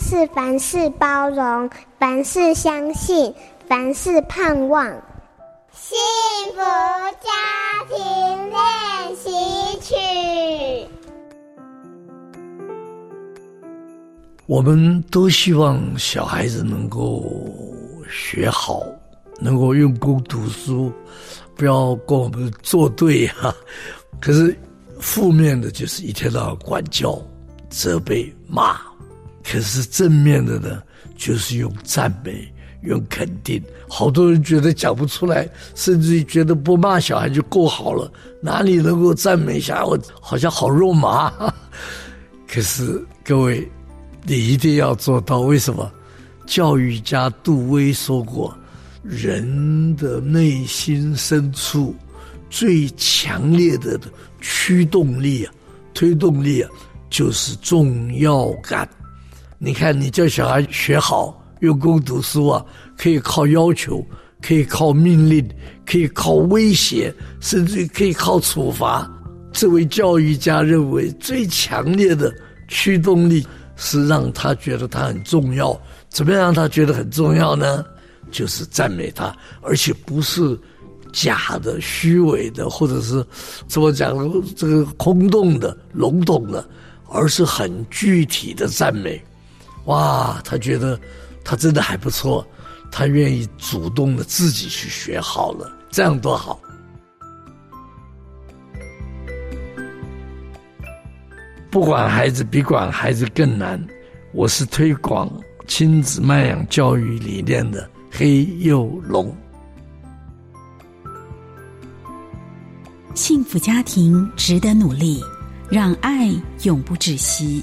是凡事包容，凡事相信，凡事盼望。幸福家庭練習曲。我們都希望小孩子能夠學好，能夠用功讀書，不要跟我們作對哈、啊。可是負面的就是一天到晚管教、責備、罵。可是正面的呢，就是用讚美、用肯定。好多人覺得講不出來，甚至於覺得不罵小孩就夠好了。哪裡能夠讚美一下？我好像好肉麻。可是各位，你一定要做到。為什麼？教育家杜威說過，人的內心深處最強烈的驅動力啊、推動力啊，就是重要感。你看，你教小孩學好、用功讀書啊，可以靠要求，可以靠命令，可以靠威脅，甚至可以靠處罰。這位教育家認為，最強烈的驅動力是讓他覺得他很重要。怎麼樣讓他覺得很重要呢？就是讚美他，而且不是假的、虛偽的，或者是怎麼講，這個空洞的、籠統的，而是很具體的讚美。哇，他覺得他真的還不錯，他願意主動的自己去學好了，這樣多好！不管孩子比管孩子更難，我是推廣親子慢養教育理念的黑幼龍。幸福家庭值得努力，讓愛永不止息。